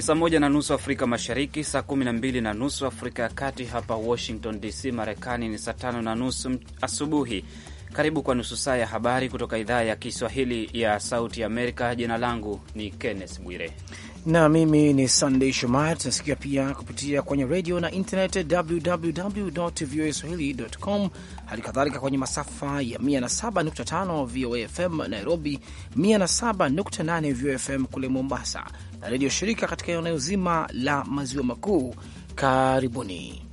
Ni saa moja na nusu Afrika Mashariki, saa kumi na mbili na nusu Afrika ya Kati. Hapa Washington DC, Marekani, ni saa tano na nusu asubuhi. Karibu kwa nusu saa ya habari kutoka idhaa ya Kiswahili ya Sauti Amerika. Jina langu ni Kenneth Bwire na mimi ni sandey Shomari. Tunasikia pia kupitia kwenye redio na internet www voa swahili.com, hali kadhalika kwenye masafa ya 107.5 VOA FM Nairobi, 107.8 VOA FM kule Mombasa, na redio shirika katika eneo zima la maziwa makuu. Karibuni.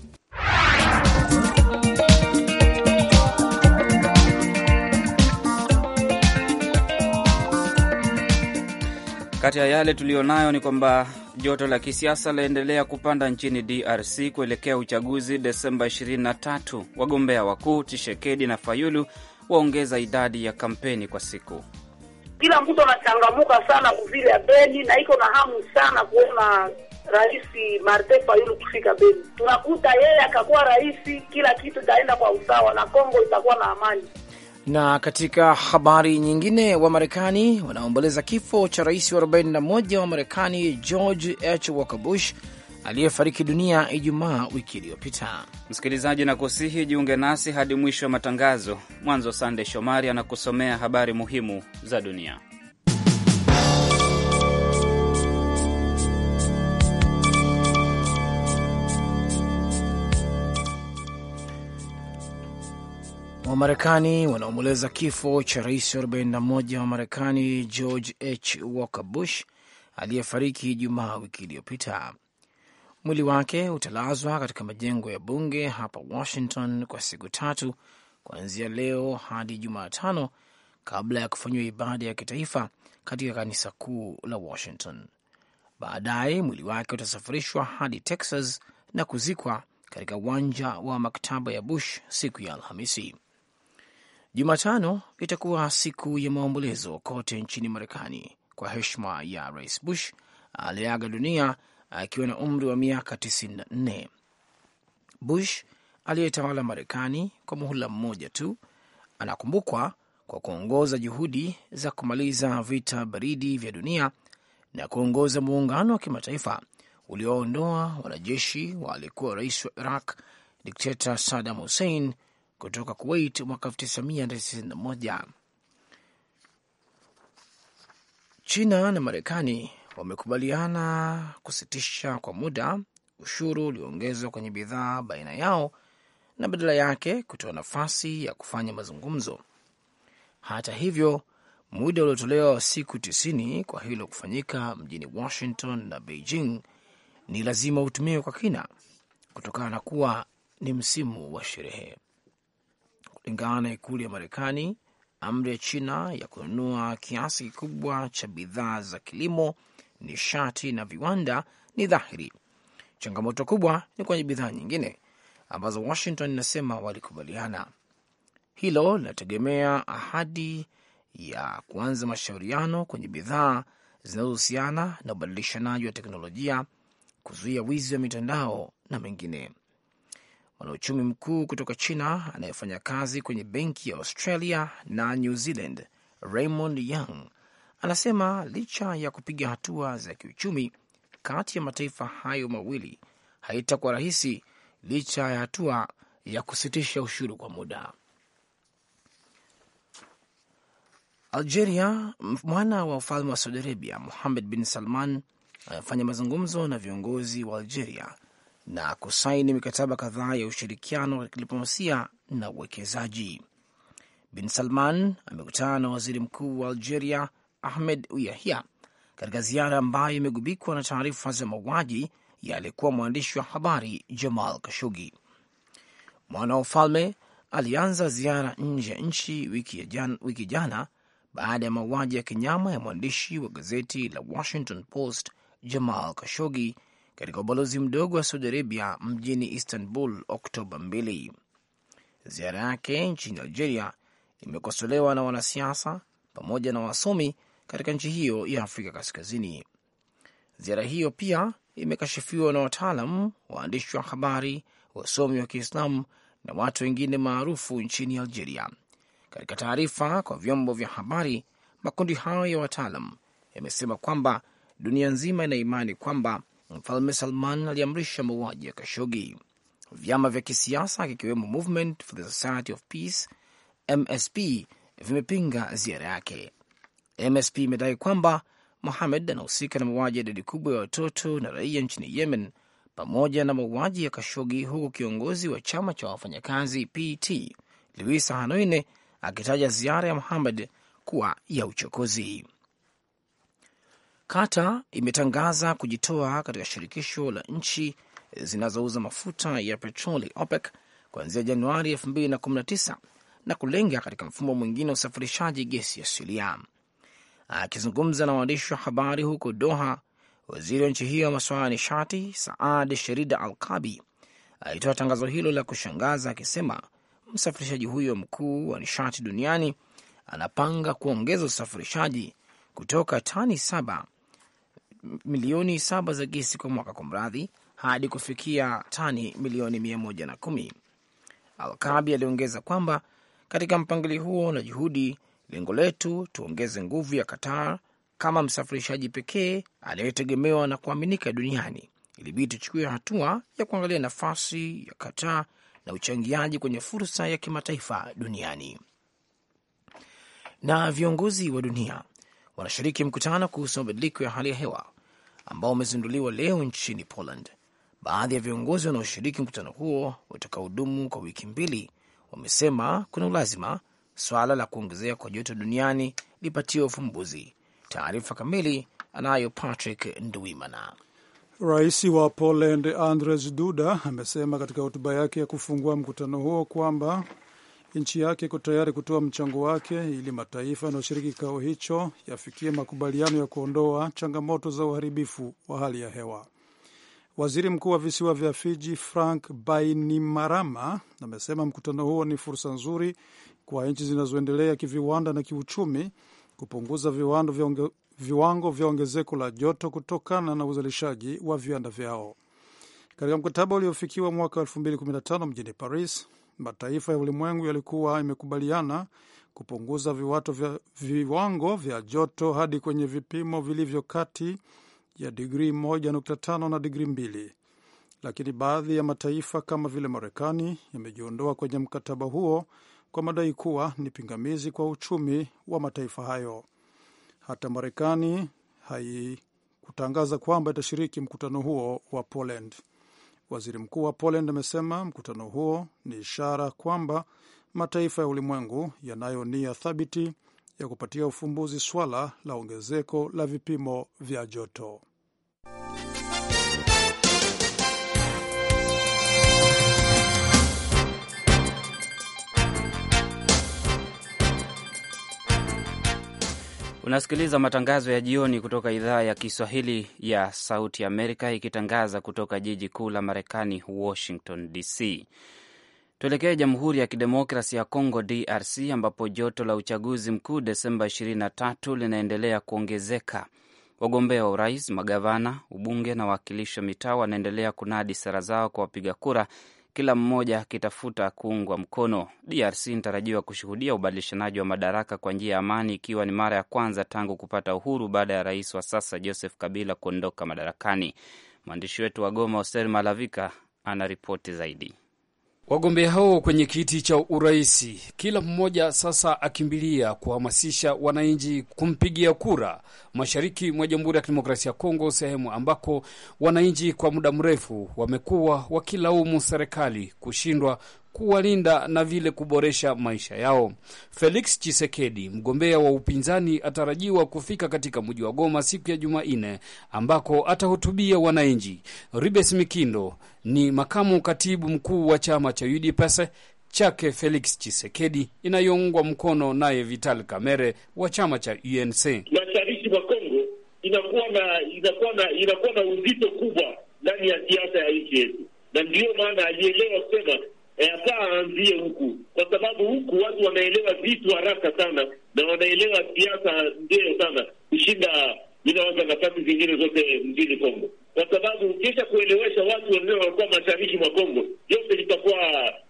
Kati ya yale tuliyonayo ni kwamba joto la kisiasa laendelea kupanda nchini DRC kuelekea uchaguzi Desemba 23. Wagombea wakuu Tishekedi na Fayulu waongeza idadi ya kampeni kwa siku kila mtu anachangamuka sana kuvile ya Beni na iko na hamu sana kuona Rais Martin Fayulu kufika Beni. Tunakuta yeye akakuwa rais, kila kitu itaenda kwa usawa na Kongo itakuwa na amani. Na katika habari nyingine, wa marekani wanaomboleza kifo cha rais wa 41 wa Marekani George H. Walker Bush aliyefariki dunia Ijumaa wiki iliyopita. Msikilizaji, nakusihi jiunge nasi hadi mwisho wa matangazo. Mwanzo Sande Shomari anakusomea habari muhimu za dunia. Wamarekani wanaomboleza kifo cha rais 41 wa Marekani George H Walker Bush aliyefariki Ijumaa wiki iliyopita. Mwili wake utalazwa katika majengo ya bunge hapa Washington kwa siku tatu kuanzia leo hadi Jumatano kabla ya kufanyiwa ibada ya kitaifa katika kanisa kuu la Washington. Baadaye mwili wake utasafirishwa hadi Texas na kuzikwa katika uwanja wa maktaba ya Bush siku ya Alhamisi. Jumatano itakuwa siku ya maombolezo kote nchini Marekani kwa heshima ya Rais Bush aliyeaga dunia akiwa na umri wa miaka 94. Bush aliyetawala Marekani kwa muhula mmoja tu anakumbukwa kwa kuongoza juhudi za kumaliza vita baridi vya dunia na kuongoza muungano wa kimataifa ulioondoa wanajeshi wa aliyekuwa rais wa Iraq dikteta Saddam Hussein kutoka Kuwait mwaka 1991. China na Marekani wamekubaliana kusitisha kwa muda ushuru ulioongezwa kwenye bidhaa baina yao na badala yake kutoa nafasi ya kufanya mazungumzo. Hata hivyo, muda uliotolewa wa siku tisini kwa hilo kufanyika mjini Washington na Beijing ni lazima utumiwe kwa kina kutokana na kuwa ni msimu wa sherehe. Kulingana na ikulu ya Marekani, amri ya China ya kununua kiasi kikubwa cha bidhaa za kilimo nishati na viwanda ni dhahiri. Changamoto kubwa ni kwenye bidhaa nyingine ambazo Washington inasema walikubaliana. Hilo linategemea ahadi ya kuanza mashauriano kwenye bidhaa zinazohusiana na ubadilishanaji wa teknolojia, kuzuia wizi wa mitandao na mengine. Mwanauchumi mkuu kutoka China anayefanya kazi kwenye benki ya Australia na New Zealand, Raymond Young Anasema licha ya kupiga hatua za kiuchumi kati ya mataifa hayo mawili haitakuwa rahisi licha ya hatua ya kusitisha ushuru kwa muda. Algeria, mwana wa ufalme wa Saudi Arabia Muhamed bin Salman amefanya mazungumzo na viongozi wa Algeria na kusaini mikataba kadhaa ya ushirikiano wa kidiplomasia na uwekezaji. Bin Salman amekutana na waziri mkuu wa Algeria Ahmed Uyahia katika ziara ambayo imegubikwa na taarifa za mauaji ya aliyekuwa mwandishi wa habari Jamal Kashogi. Mwana wa ufalme alianza ziara nje ya nchi wiki jana, wiki jana baada ya mauaji ya kinyama ya mwandishi wa gazeti la Washington Post Jamal Kashogi katika ubalozi mdogo wa Saudi Arabia mjini Istanbul Oktoba 2. Ziara yake nchini Algeria imekosolewa na wanasiasa pamoja na wasomi katika nchi hiyo ya Afrika Kaskazini. Ziara hiyo pia imekashifiwa na wataalam, waandishi wa habari, wasomi wa Kiislamu na watu wengine maarufu nchini Algeria. Katika taarifa kwa vyombo vya habari, makundi hayo ya wataalam yamesema kwamba dunia nzima ina imani kwamba Mfalme Salman aliamrisha mauaji ya Kashogi. Vyama vya kisiasa kikiwemo Movement for the Society of Peace, MSP, vimepinga ziara yake. MSP imedai kwamba Mohamed anahusika na mauaji ya idadi kubwa ya watoto na raia nchini Yemen pamoja na mauaji ya Kashogi, huku kiongozi wa chama cha wafanyakazi PT Luisa Hanoine akitaja ziara ya Mohamed kuwa ya uchokozi. Qatar imetangaza kujitoa katika shirikisho la nchi zinazouza mafuta ya petroli OPEC kuanzia Januari 2019 na kulenga katika mfumo mwingine wa usafirishaji gesi asilia. Akizungumza na waandishi wa habari huko Doha, waziri wa nchi hiyo wa masuala ya nishati Saad Sherida Al Kabi alitoa tangazo hilo la kushangaza akisema msafirishaji huyo mkuu wa nishati duniani anapanga kuongeza usafirishaji kutoka tani saba milioni saba za gesi kwa mwaka kwa mradhi hadi kufikia tani milioni mia moja na kumi. Alkabi aliongeza kwamba katika mpangilio huo na juhudi lengo letu tuongeze nguvu ya Qatar kama msafirishaji pekee anayetegemewa na kuaminika duniani. Ilibidi tuchukue hatua ya kuangalia nafasi ya Qatar na uchangiaji kwenye fursa ya kimataifa duniani. Na viongozi wa dunia wanashiriki mkutano kuhusu mabadiliko ya hali ya hewa ambao umezinduliwa leo nchini Poland. Baadhi ya viongozi wanaoshiriki mkutano huo watakaodumu kwa wiki mbili wamesema kuna ulazima swala la kuongezeka kwa joto duniani lipatiwe ufumbuzi. Taarifa kamili anayo Patrick Nduimana. Rais wa Poland Andrzej Duda amesema katika hotuba yake ya kufungua mkutano huo kwamba nchi yake iko tayari kutoa mchango wake ili mataifa yanayoshiriki kikao hicho yafikie makubaliano ya kuondoa changamoto za uharibifu wa hali ya hewa. Waziri mkuu wa visiwa vya Fiji Frank Bainimarama amesema mkutano huo ni fursa nzuri kwa nchi zinazoendelea kiviwanda na kiuchumi kupunguza viwango vya onge, viwango vya ongezeko la joto kutokana na uzalishaji wa viwanda vyao. Katika mkataba uliofikiwa mwaka 2015 mjini Paris, mataifa ya ulimwengu yalikuwa imekubaliana kupunguza viwato vya, viwango vya joto hadi kwenye vipimo vilivyo kati ya digrii 1.5 na digrii 2, lakini baadhi ya mataifa kama vile Marekani yamejiondoa kwenye mkataba huo kwa madai kuwa ni pingamizi kwa uchumi wa mataifa hayo. Hata Marekani haikutangaza kwamba itashiriki mkutano huo wa Poland. Waziri mkuu wa Poland amesema mkutano huo ni ishara kwamba mataifa ya ulimwengu yanayo nia thabiti ya kupatia ufumbuzi swala la ongezeko la vipimo vya joto. Unasikiliza matangazo ya jioni kutoka idhaa ya Kiswahili ya Sauti Amerika ikitangaza kutoka jiji kuu la Marekani, Washington DC. Tuelekee Jamhuri ya Kidemokrasi ya congo DRC, ambapo joto la uchaguzi mkuu Desemba 23 linaendelea kuongezeka. Wagombea wa urais, magavana, ubunge na wawakilishi wa mitaa wanaendelea kunadi sera zao kwa wapiga kura kila mmoja akitafuta kuungwa mkono. DRC inatarajiwa kushuhudia ubadilishanaji wa madaraka kwa njia ya amani, ikiwa ni mara ya kwanza tangu kupata uhuru baada ya rais wa sasa Joseph Kabila kuondoka madarakani. Mwandishi wetu wa Goma, Hoster Malavika, ana ripoti zaidi. Wagombea hao kwenye kiti cha uraisi, kila mmoja sasa akimbilia kuhamasisha wananchi kumpigia kura mashariki mwa Jamhuri ya Kidemokrasia ya Kongo, sehemu ambako wananchi kwa muda mrefu wamekuwa wakilaumu serikali kushindwa kuwalinda na vile kuboresha maisha yao. Felix Chisekedi, mgombea wa upinzani, atarajiwa kufika katika mji wa Goma siku ya Jumanne ambako atahutubia wananchi. Ribes Mikindo ni makamu katibu mkuu wa chama cha UDPS chake Felix Chisekedi inayoungwa mkono naye Vital Kamere wa chama cha UNC. Mashariki mwa Kongo inakuwa na inakuwa na inakuwa na uzito kubwa ndani ya siasa ya nchi yetu, na ndiyo maana alielewa kusema yakaa eh, aanzie huku, kwa sababu huku watu wanaelewa vitu haraka sana na wanaelewa siasa ndio sana kushinda zinawaza nafasi zingine zote mjini Kongo, kwa sababu ukisha kuelewesha watu wenyewe wakuwa mashariki mwa Kongo, yote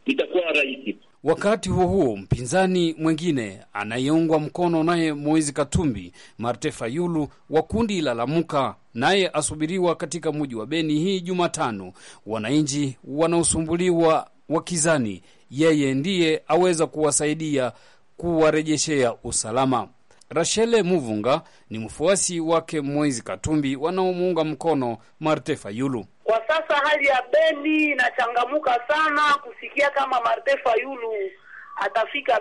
itakuwa rahisi. Wakati huo huo, mpinzani mwingine anayeungwa mkono naye Moizi Katumbi, Marte Fayulu wa kundi la Lamuka, naye asubiriwa katika muji wa Beni hii Jumatano. Wananchi wanaosumbuliwa wakizani yeye ndiye aweza kuwasaidia kuwarejeshea usalama. Rashele Muvunga ni mfuasi wake mwezi Katumbi wanaomuunga mkono Marte Fayulu. Kwa sasa hali ya Beni inachangamuka sana kusikia kama Marte Fayulu atafika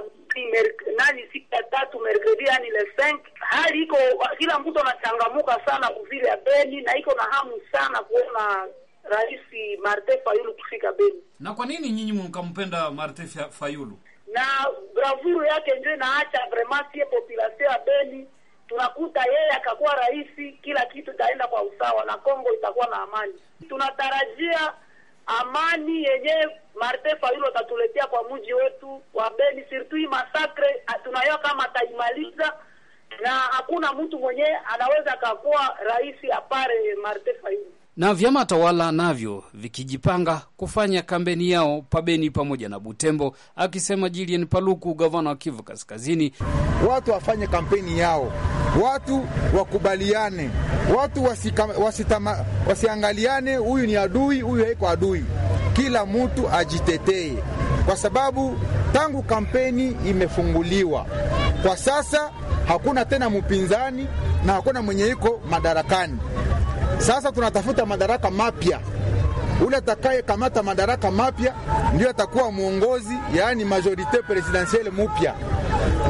nani siku ya tatu merkredi yani le Hali iko kila mtu anachangamuka sana kuvile ya Beni na iko na hamu sana kuona Rais Marte Fayulu kufika Beni. Na kwa nini nyinyi mkampenda Marte Fayulu? Na bravuru yake ndio inaacha vraiment sie population ya Beni tunakuta yeye akakuwa rais, kila kitu itaenda kwa usawa na Kongo itakuwa na amani. Tunatarajia amani yenye Martin Fayulu atatuletea kwa mji wetu wa Beni, sirtui masakre ah, tunayo kama ataimaliza, na hakuna mtu mwenyewe anaweza akakuwa rais apare Marte Fayulu na vyama tawala navyo vikijipanga kufanya kampeni yao Pabeni pamoja na Butembo, akisema Jilian Paluku, gavana wa Kivu Kaskazini. Watu wafanye kampeni yao, watu wakubaliane, watu wasika, wasitama, wasiangaliane, huyu ni adui, huyu haiko adui, kila mtu ajitetee, kwa sababu tangu kampeni imefunguliwa kwa sasa hakuna tena mpinzani na hakuna mwenye iko madarakani sasa tunatafuta madaraka mapya, ule atakaye kamata madaraka mapya ndio atakuwa mwongozi, yaani majorite presidentielle mupya,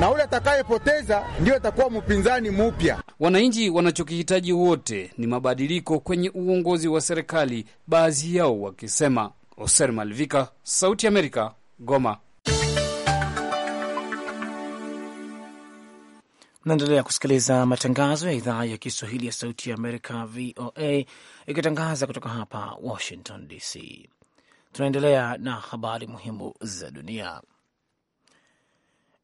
na ule atakayepoteza ndio atakuwa mpinzani mupya. Wananchi wanachokihitaji wote ni mabadiliko kwenye uongozi wa serikali, baadhi yao wakisema. Oser Malvika, Sauti Amerika, Goma. Naendelea kusikiliza matangazo ya idhaa ya Kiswahili ya Sauti ya Amerika, VOA, ikitangaza kutoka hapa Washington DC. Tunaendelea na habari muhimu za dunia.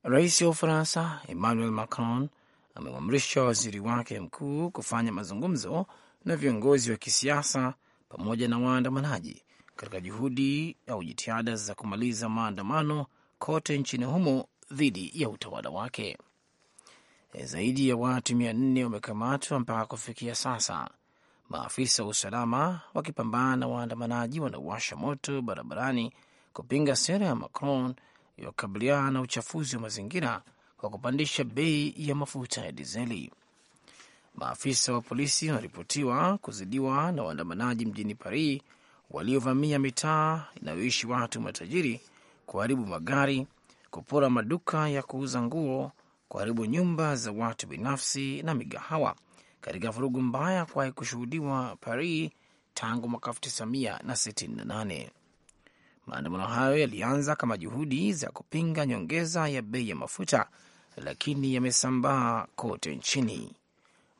Rais wa Ufaransa Emmanuel Macron amemwamrisha waziri wake mkuu kufanya mazungumzo na viongozi wa kisiasa pamoja na waandamanaji katika juhudi au jitihada za kumaliza maandamano kote nchini humo dhidi ya utawala wake. E, zaidi ya watu mia nne wamekamatwa mpaka kufikia sasa, maafisa wa usalama wakipambana na waandamanaji wanaowasha moto barabarani kupinga sera ya Macron ya kukabiliana na uchafuzi wa mazingira kwa kupandisha bei ya mafuta ya dizeli. Maafisa wa polisi wanaripotiwa kuzidiwa na waandamanaji mjini Paris waliovamia mitaa inayoishi watu matajiri, kuharibu magari, kupora maduka ya kuuza nguo kuharibu nyumba za watu binafsi na migahawa katika vurugu mbaya kuwahi kushuhudiwa Paris tangu mwaka 1968. Maandamano hayo yalianza kama juhudi za kupinga nyongeza ya bei ya mafuta, lakini yamesambaa kote nchini.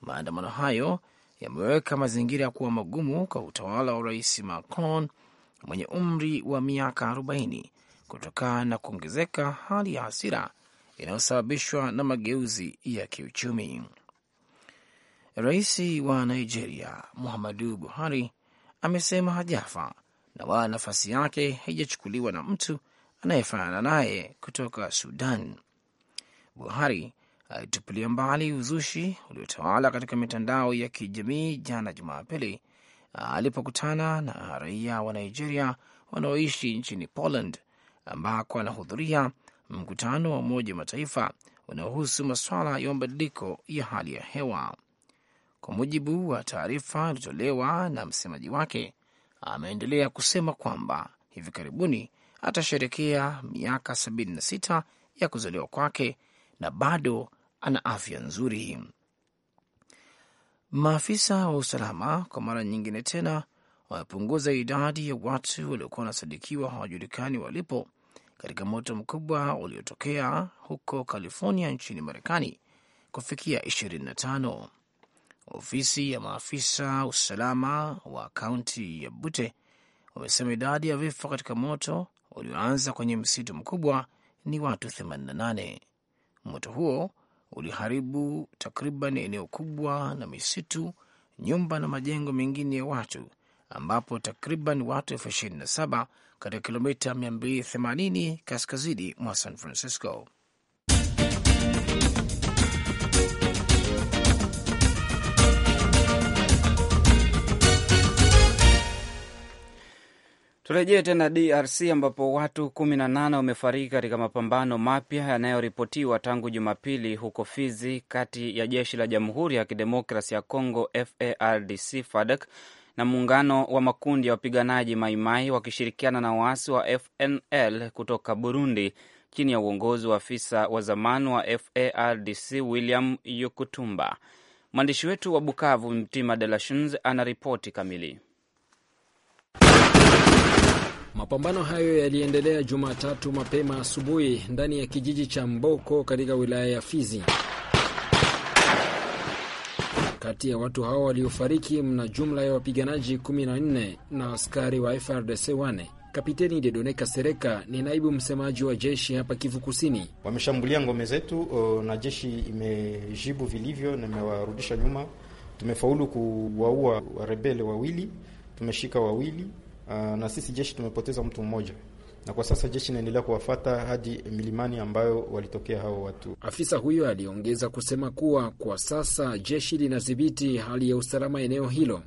Maandamano hayo yameweka mazingira ya kuwa magumu kwa utawala wa Rais Macron mwenye umri wa miaka 40 kutokana na kuongezeka hali ya hasira inayosababishwa na mageuzi ya kiuchumi. Rais wa Nigeria Muhammadu Buhari amesema hajafa na wala nafasi yake haijachukuliwa na mtu anayefanana naye kutoka Sudan. Buhari alitupilia mbali uzushi uliotawala katika mitandao ya kijamii jana Jumapili alipokutana na raia wa Nigeria wanaoishi nchini Poland ambako anahudhuria mkutano wa Umoja wa Mataifa unaohusu masuala ya mabadiliko ya hali ya hewa. Kwa mujibu wa taarifa iliyotolewa na msemaji wake, ameendelea kusema kwamba hivi karibuni atasherekea miaka 76 ya kuzaliwa kwake na bado ana afya nzuri. Maafisa wa usalama kwa mara nyingine tena wamepunguza idadi ya watu waliokuwa wanasadikiwa hawajulikani walipo katika moto mkubwa uliotokea huko California nchini Marekani kufikia 25. Ofisi ya maafisa usalama wa kaunti ya Butte wamesema idadi ya vifo katika moto ulioanza kwenye msitu mkubwa ni watu 88. Moto huo uliharibu takriban eneo kubwa na misitu, nyumba na majengo mengine ya watu, ambapo takriban watu elfu 27 katika kilomita 280 kaskazini mwa San Francisco. Turejee tena DRC ambapo watu 18 wamefariki katika mapambano mapya yanayoripotiwa tangu Jumapili huko Fizi, kati ya jeshi la Jamhuri ya Kidemokrasi ya congo FARDC FADC na muungano wa makundi ya wapiganaji Maimai wakishirikiana na waasi wa FNL kutoka Burundi chini ya uongozi wa afisa wa zamani wa FARDC William Yukutumba. Mwandishi wetu wa Bukavu, Mtima De lashuns ana ripoti kamili. Mapambano hayo yaliendelea Jumatatu mapema asubuhi ndani ya kijiji cha Mboko katika wilaya ya Fizi. Kati ya watu hao waliofariki mna jumla ya wapiganaji 14 na askari wa FRDC wane. Kapiteni Dedone Kasereka ni naibu msemaji wa jeshi hapa Kivu Kusini. Wameshambulia ngome zetu na jeshi imejibu vilivyo na imewarudisha nyuma. Tumefaulu kuwaua warebele wawili, tumeshika wawili na sisi jeshi tumepoteza mtu mmoja na kwa sasa jeshi inaendelea kuwafata hadi milimani ambayo walitokea hao watu. Afisa huyo aliongeza kusema kuwa kwa sasa jeshi linadhibiti hali ya usalama eneo hilo.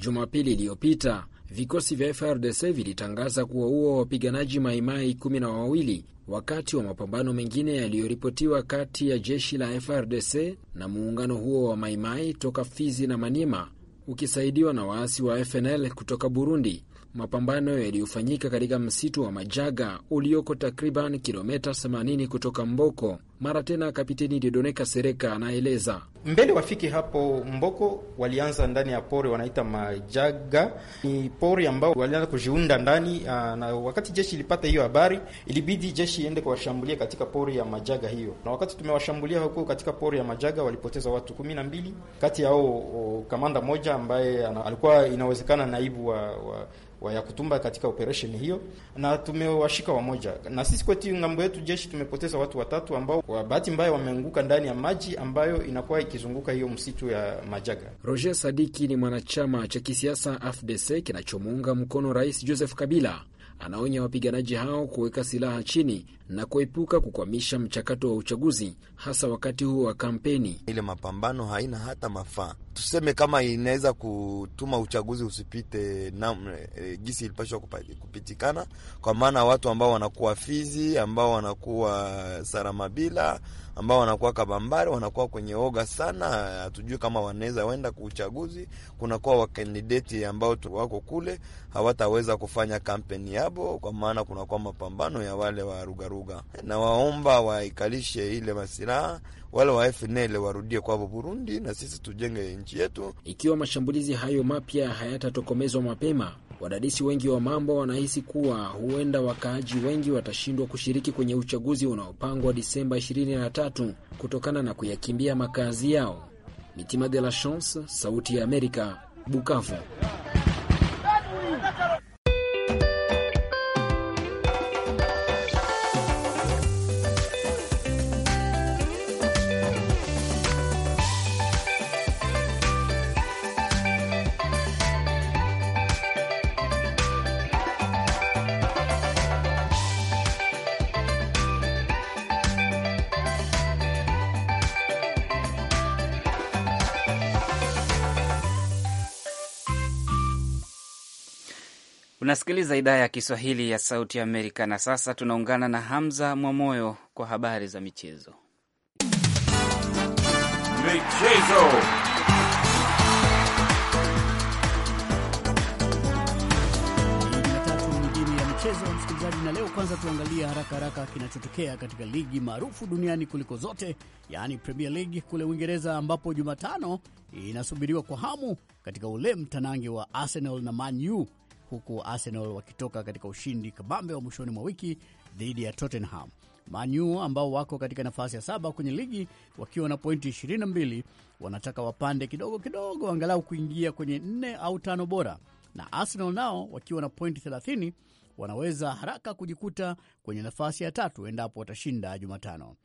Jumapili iliyopita vikosi vya FRDC vilitangaza kuwaua wapiganaji maimai kumi na wawili wakati wa mapambano mengine yaliyoripotiwa kati ya jeshi la FRDC na muungano huo wa maimai toka Fizi na Maniema ukisaidiwa na waasi wa FNL kutoka Burundi mapambano yaliyofanyika katika msitu wa Majaga ulioko takriban kilomita 80 kutoka Mboko. Mara tena Kapiteni Didoneka Sereka anaeleza. Mbele wafike hapo Mboko, walianza ndani ya pori wanaita Majaga. Ni pori ambao walianza kujiunda ndani, ah, na wakati jeshi ilipata hiyo habari, ilibidi jeshi iende kuwashambulia katika pori ya Majaga hiyo, na wakati tumewashambulia huko katika pori ya Majaga walipoteza watu kumi na mbili, kati yao oh, kamanda moja ambaye alikuwa inawezekana naibu wa, wa ya kutumba katika operesheni hiyo, na tumewashika wamoja. Na sisi kwetu ng'ambo yetu jeshi tumepoteza watu watatu ambao kwa bahati mbaya wameanguka ndani ya maji ambayo inakuwa ikizunguka hiyo msitu ya Majaga. Roger Sadiki ni mwanachama cha kisiasa AFDC kinachomuunga mkono Rais Joseph Kabila anaonya wapiganaji hao kuweka silaha chini na kuepuka kukwamisha mchakato wa uchaguzi, hasa wakati huo wa kampeni. Ile mapambano haina hata mafaa, tuseme kama inaweza kutuma uchaguzi usipite na e, eh, eh, gisi ilipashwa kupitikana, kwa maana watu ambao wanakuwa Fizi, ambao wanakuwa Saramabila ambao wanakuwa kabambari wanakuwa kwenye oga sana, hatujui kama wanaweza wenda uchaguzi Kunakuwa wakandideti ambao wako kule hawataweza kufanya kampeni yabo, kwa maana kunakuwa mapambano ya wale wa na waomba waikalishe ile masilaha wale wa FNL warudie kwao Burundi na sisi tujenge nchi yetu. Ikiwa mashambulizi hayo mapya hayatatokomezwa mapema, wadadisi wengi wa mambo wanahisi kuwa huenda wakaaji wengi watashindwa kushiriki kwenye uchaguzi unaopangwa Disemba 23 kutokana na kuyakimbia makazi yao. Mitima de la Chance, Sauti ya Amerika, Bukavu. Unasikiliza idhaa ya Kiswahili ya Sauti ya Amerika. Na sasa tunaungana na Hamza Mwamoyo kwa habari za michezo. Michezo. Msikilizaji, na leo kwanza tuangalie haraka haraka kinachotokea katika ligi maarufu duniani kuliko zote, yaani Premier League kule Uingereza, ambapo Jumatano inasubiriwa kwa hamu katika ule mtanange wa Arsenal na Man U huku Arsenal wakitoka katika ushindi kabambe wa mwishoni mwa wiki dhidi ya Tottenham. manu ambao wako katika nafasi ya saba kwenye ligi wakiwa na pointi 22 wanataka wapande kidogo kidogo, angalau kuingia kwenye nne au tano bora, na Arsenal nao wakiwa na pointi 30 wanaweza haraka kujikuta kwenye nafasi ya tatu endapo watashinda Jumatano.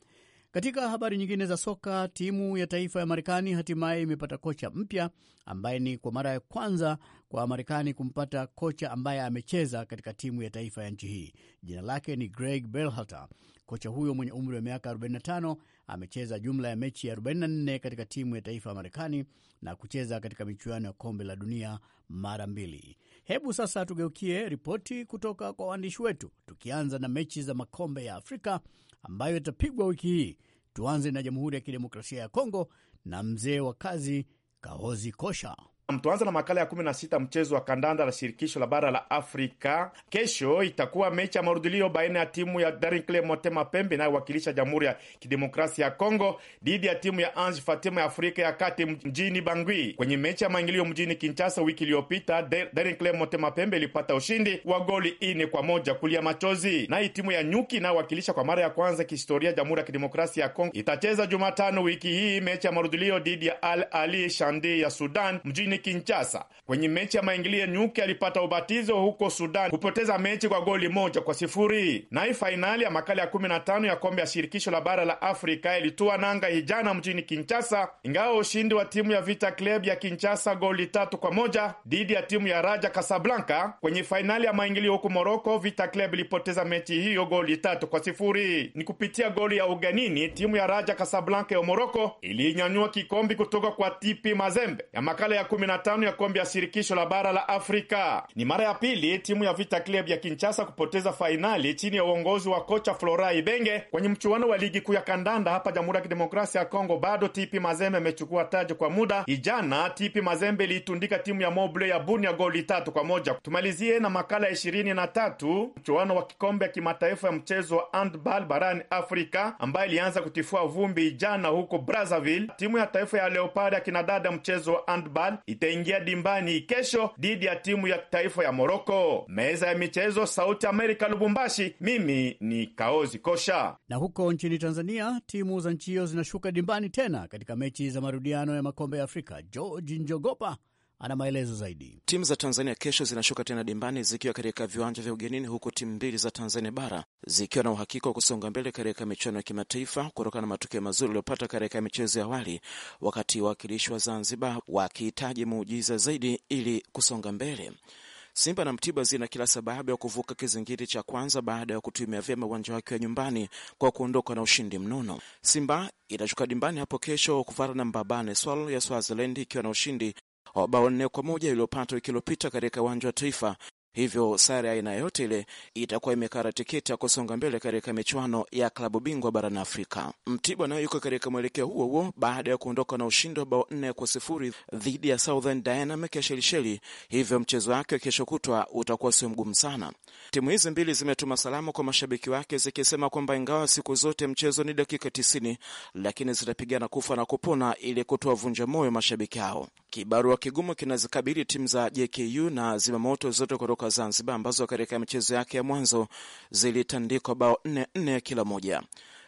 Katika habari nyingine za soka, timu ya taifa ya Marekani hatimaye imepata kocha mpya ambaye ni kwa mara ya kwanza kwa Marekani kumpata kocha ambaye amecheza katika timu ya taifa ya nchi hii. Jina lake ni Greg Berhalter. Kocha huyo mwenye umri wa miaka 45 amecheza jumla ya mechi 44 katika timu ya taifa ya Marekani na kucheza katika michuano ya kombe la dunia mara mbili. Hebu sasa tugeukie ripoti kutoka kwa waandishi wetu, tukianza na mechi za makombe ya Afrika ambayo itapigwa wiki hii. Tuanze na Jamhuri ya Kidemokrasia ya Kongo na mzee wa kazi Kahozi Kosha. Tuanza na makala ya 16 mchezo wa kandanda la shirikisho la bara la Afrika. Kesho itakuwa mechi ya marudhulio baina ya timu ya Daring Motema Pembe inayowakilisha Jamhuri ya Kidemokrasia ya Kongo dhidi ya timu ya Ange Fatima ya Afrika ya Kati mjini Bangui. Kwenye mechi ya maingilio mjini Kinshasa wiki iliyopita, Daring Motema Pembe ilipata ushindi wa goli ine kwa moja kulia machozi. Naye timu ya Nyuki inayowakilisha kwa mara ya kwanza kihistoria Jamhuri ya Kidemokrasia ya Kongo itacheza Jumatano wiki hii mechi ya marudhulio dhidi ya Al Ali Shandi ya Sudan mjini mjini Kinchasa. kwenye mechi ya maingilio. Nyuki alipata ubatizo huko Sudan kupoteza mechi kwa goli moja kwa sifuri. Naye fainali ya makala ya 15 ya kombe ya shirikisho la bara la Afrika ilitua nanga hijana mjini kinchasa ingawa ushindi wa timu ya Vita Club ya kinchasa goli tatu kwa moja dhidi ya timu ya Raja Casablanca kwenye fainali ya maingilio huko Moroko. Vita Club ilipoteza mechi hiyo goli tatu kwa sifuri. Ni kupitia goli ya ugenini timu ya Raja Casablanca ya Moroko iliinyanyua kikombe kutoka kwa Tipi Mazembe ya makala ya kumi 15 ya kombe ya shirikisho la bara la Afrika. Ni mara ya pili timu ya Vita Club ya Kinshasa kupoteza fainali chini ya uongozi wa kocha Flora Ibenge kwenye mchuano wa ligi kuu ya kandanda hapa Jamhuri ya Kidemokrasia ya Kongo. Bado TP Mazembe amechukua taji kwa muda. Ijana TP Mazembe iliitundika timu ya Moble ya Bunia goli tatu kwa moja. Tumalizie na makala ya ishirini na tatu mchuano wa kikombe ya kimataifa ya mchezo wa handball barani Afrika ambayo ilianza kutifua vumbi ijana huko Brazzaville. Timu ya taifa ya Leopard ya kinadada mchezo wa handball itaingia dimbani kesho dhidi ya timu ya taifa ya Moroko. Meza ya michezo, Sauti Amerika, Lubumbashi. Mimi ni Kaozi Kosha. Na huko nchini Tanzania, timu za nchi hiyo zinashuka dimbani tena katika mechi za marudiano ya makombe ya Afrika. George Njogopa ana maelezo zaidi. Timu za Tanzania kesho zinashuka tena dimbani zikiwa katika viwanja vya ugenini, huku timu mbili za Tanzania bara zikiwa na uhakika wa kusonga mbele katika michuano ya kimataifa kutokana na matukio mazuri yaliyopata katika michezo ya awali, wakati wawakilishi wa Zanzibar wakihitaji muujiza zaidi ili kusonga mbele. Simba na Mtibwa zina kila sababu ya kuvuka kizingiti cha kwanza baada ya kutumia vyema uwanja wake wa nyumbani kwa kuondoka na ushindi mnono. Simba itashuka dimbani hapo kesho kuvana na Mbabane Swal ya Swaziland ikiwa na ushindi wa bao nne kwa moja iliyopata wiki iliyopita katika uwanja wa Taifa hivyo sare aina yoyote ile itakuwa imekara tiketi ya kusonga mbele katika michuano ya klabu bingwa barani Afrika. Mtibwa nayo yuko katika mwelekeo huo huo baada ya kuondoka na ushindi wa bao nne kwa sifuri dhidi ya Southern Dynamic ya Shelisheli, hivyo mchezo wake kesho kutwa utakuwa sio mgumu sana. Timu hizi mbili zimetuma salamu kwa mashabiki wake zikisema kwamba ingawa siku zote mchezo ni dakika tisini, lakini zitapigana kufa na kupona ili kutoa vunja moyo mashabiki hao. Kibarua kigumu kinazikabili timu za JKU na Zimamoto zote kutoka kwa Zanzibar ambazo katika michezo yake ya mwanzo zilitandikwa bao nne nne kila moja.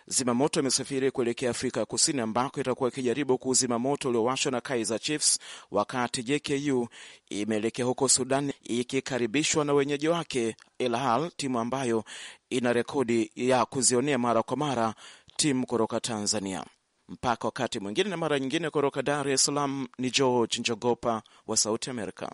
Zimamoto imesafiri kuelekea Afrika ya Kusini ambako itakuwa ikijaribu kuuzima moto uliowashwa na Kaizer Chiefs, wakati JKU imeelekea huko Sudan ikikaribishwa na wenyeji wake Al timu ambayo ina rekodi ya kuzionea mara kwa mara timu kutoka Tanzania. Mpaka wakati mwingine na mara nyingine, kutoka Dar es Salaam ni George Njogopa wa Sauti Amerika.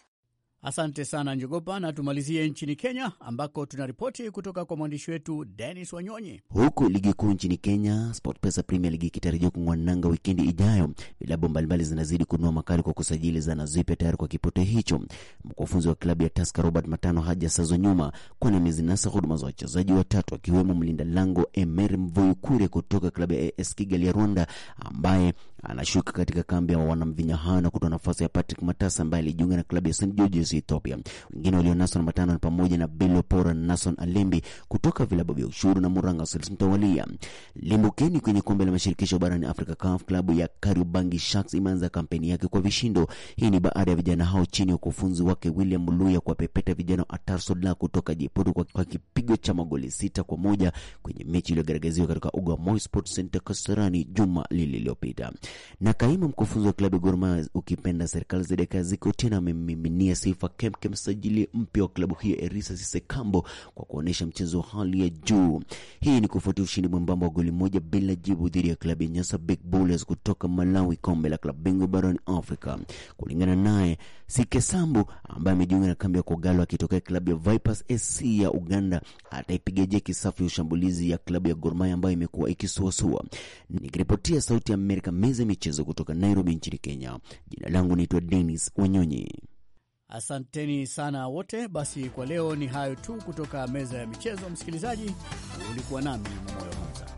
Asante sana Njogopa, na tumalizie nchini Kenya ambako tuna ripoti kutoka kwa mwandishi wetu Denis Wanyonyi. Huku ligi kuu nchini Kenya, SportPesa Premier League ikitarajiwa kungwananga wikendi ijayo, vilabu mbalimbali zinazidi kunua makali kwa kusajili zana zipya tayari kwa kipote hicho. Mkufunzi wa klabu ya Taska Robert Matano haja sazo nyuma, kwani amezinasa huduma za wachezaji watatu akiwemo mlinda lango Emery Mvuyukure kutoka klabu ya AS Kigali ya Rwanda ambaye anashuka katika kambi ya wanamvinyahano kutoa nafasi ya Patrick Matasa ambaye alijiunga na klabu ya St George's Ethiopia. Wengine walionaswa na matano ni pamoja na Bilo Pora na Nason Alimbi kutoka vilabu vya Ushuru na Muranga Seals mtawalia. Limbukeni kwenye kombe la mashirikisho barani Afrika CAF, klabu ya Kariobangi Sharks imeanza kampeni yake kwa vishindo. Hii ni baada ya vijana hao chini ya ukufunzi wake William Luya kuwapepeta vijana wa Atar Sodla kutoka Jipoto kwa, kwa kipigo cha magoli sita kwa moja kwenye mechi iliyogaragaziwa katika uga wa Moi Sports Center Kasarani juma lililopita. Na kaimu mkufunzi wa klabu ya Gor Mahia, ukipenda serikali za dakika ziko tena, amemiminia sifa kemkem msajili mpya wa klabu hiyo Erisa Sekambo kwa kuonyesha mchezo wa hali ya juu. Hii ni kufuatia ushindi mwembamba wa goli moja bila jibu dhidi ya klabu ya Nyasa Big Bullets kutoka Malawi, kombe la klabu bingwa barani Africa. Kulingana naye, Sikesambu ambaye amejiunga na kambi ya Kogalo akitokea klabu ya Vipers SC ya Uganda ataipiga jeki safi ya ushambulizi ya klabu ya Gor Mahia ambayo imekuwa ikisuasua. Nikiripotia Sauti ya Amerika za michezo kutoka Nairobi nchini Kenya. Jina langu naitwa Denis Wanyonyi. Asanteni sana wote. Basi kwa leo ni hayo tu kutoka meza ya michezo. Msikilizaji, ulikuwa nami mamoyo Hamza.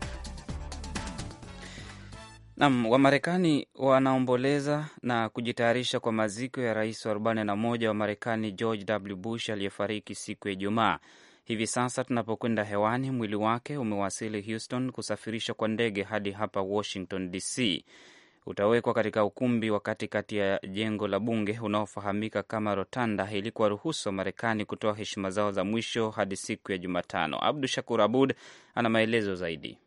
Nam, Wamarekani wanaomboleza na kujitayarisha kwa maziko ya rais wa 41 wa Marekani George W. Bush aliyefariki siku ya Ijumaa. Hivi sasa tunapokwenda hewani, mwili wake umewasili Houston, kusafirishwa kwa ndege hadi hapa Washington DC. Utawekwa katika ukumbi wa katikati ya jengo la bunge unaofahamika kama Rotanda ili kuwaruhusu Marekani kutoa heshima zao za mwisho hadi siku ya Jumatano. Abdu Shakur Abud ana maelezo zaidi.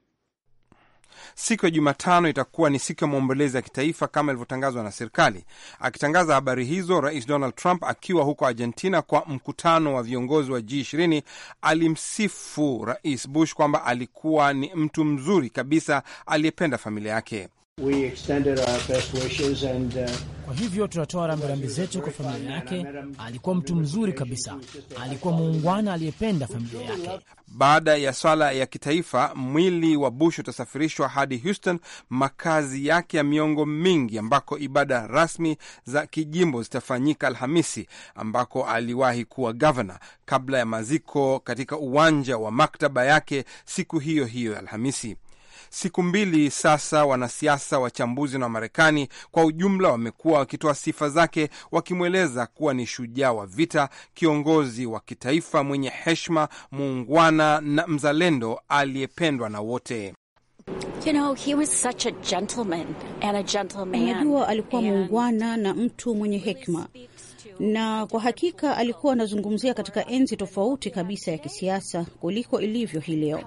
Siku ya Jumatano itakuwa ni siku ya maombolezi ya kitaifa kama ilivyotangazwa na serikali. Akitangaza habari hizo, Rais Donald Trump akiwa huko Argentina kwa mkutano wa viongozi wa G20 alimsifu Rais Bush kwamba alikuwa ni mtu mzuri kabisa aliyependa familia yake. We extended our best wishes and, uh, kwa hivyo tunatoa rambirambi zetu kwa familia yake. Alikuwa mtu mzuri kabisa, alikuwa muungwana aliyependa familia yake. Baada ya swala ya kitaifa, mwili wa Bush utasafirishwa hadi Houston, makazi yake ya miongo mingi, ambako ibada rasmi za kijimbo zitafanyika Alhamisi, ambako aliwahi kuwa gavana, kabla ya maziko katika uwanja wa maktaba yake siku hiyo hiyo ya Alhamisi. Siku mbili sasa, wanasiasa, wachambuzi na Wamarekani kwa ujumla wamekuwa wakitoa sifa zake, wakimweleza kuwa ni shujaa wa vita, kiongozi wa kitaifa mwenye heshima, muungwana na mzalendo aliyependwa na wote. You know, he was such a gentleman and a gentleman. Unajua, alikuwa muungwana na mtu mwenye hekima na kwa hakika alikuwa anazungumzia katika enzi tofauti kabisa ya kisiasa kuliko ilivyo hii leo,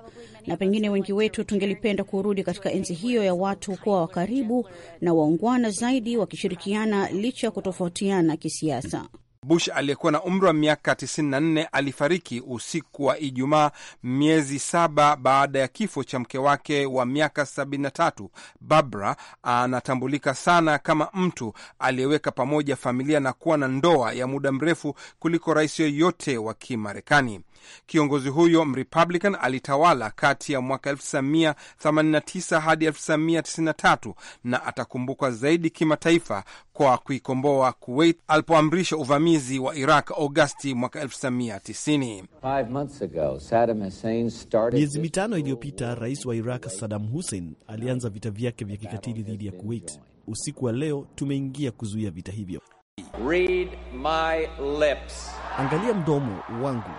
na pengine wengi wetu tungelipenda kurudi katika enzi hiyo ya watu kuwa wakaribu na waungwana zaidi, wakishirikiana licha ya kutofautiana kisiasa. Bush aliyekuwa na umri wa miaka 94 alifariki usiku wa Ijumaa, miezi saba baada ya kifo cha mke wake wa miaka 73. Barbara anatambulika sana kama mtu aliyeweka pamoja familia na kuwa na ndoa ya muda mrefu kuliko rais yoyote wa Kimarekani. Kiongozi huyo Mrepublican alitawala kati ya mwaka 1989 hadi 1993 na atakumbukwa zaidi kimataifa kwa kuikomboa Kuwait alipoamrisha uvamizi wa Iraq Agosti mwaka 1990. Miezi mitano iliyopita, rais wa Iraq Saddam Hussein alianza vita vyake vya kikatili dhidi ya Kuwait. Usiku wa leo tumeingia kuzuia vita hivyo. Read my lips. Angalia mdomo wangu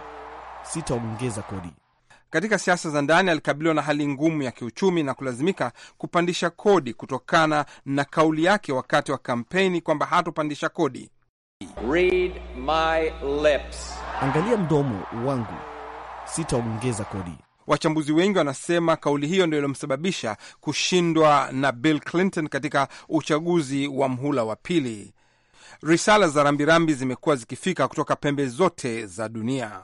sitaongeza kodi. Katika siasa za ndani alikabiliwa na hali ngumu ya kiuchumi na kulazimika kupandisha kodi kutokana na kauli yake wakati wa kampeni kwamba hatopandisha kodi. Read my lips. Angalia mdomo wangu, sitaongeza kodi. Wachambuzi wengi wanasema kauli hiyo ndio iliyomsababisha kushindwa na Bill Clinton katika uchaguzi wa mhula wa pili. Risala za rambirambi zimekuwa zikifika kutoka pembe zote za dunia.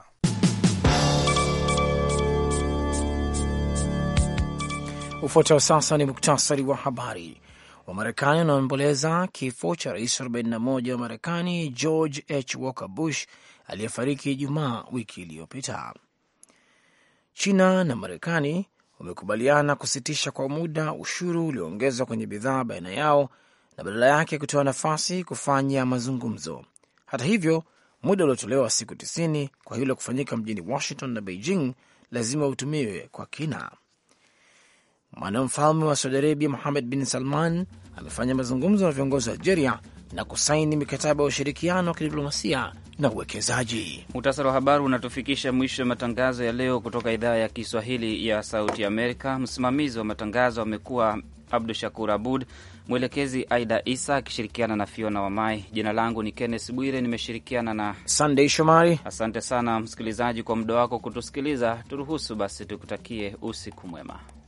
Ufuatao sasa ni muktasari wa habari. Wamarekani wanaomboleza kifo cha rais 41 wa Marekani George H. Walker Bush aliyefariki Ijumaa wiki iliyopita. China na Marekani wamekubaliana kusitisha kwa muda ushuru ulioongezwa kwenye bidhaa baina yao na badala yake kutoa nafasi kufanya mazungumzo. Hata hivyo, muda uliotolewa siku 90 kwa hilo kufanyika mjini Washington na Beijing lazima utumiwe kwa kina. Mwanamfalme wa Saudi Arabia Muhamed bin Salman amefanya mazungumzo na viongozi wa Algeria na kusaini mikataba ya ushirikiano wa kidiplomasia na uwekezaji. Muhtasari wa habari unatufikisha mwisho ya matangazo ya leo kutoka idhaa ya Kiswahili ya Sauti Amerika. Msimamizi wa matangazo amekuwa Abdu Shakur Abud, mwelekezi Aida Isa akishirikiana na Fiona Wamai. Jina langu ni kennes Bwire, nimeshirikiana na Sandey Shomari. Asante sana msikilizaji kwa muda wako kutusikiliza. Turuhusu basi tukutakie usiku mwema.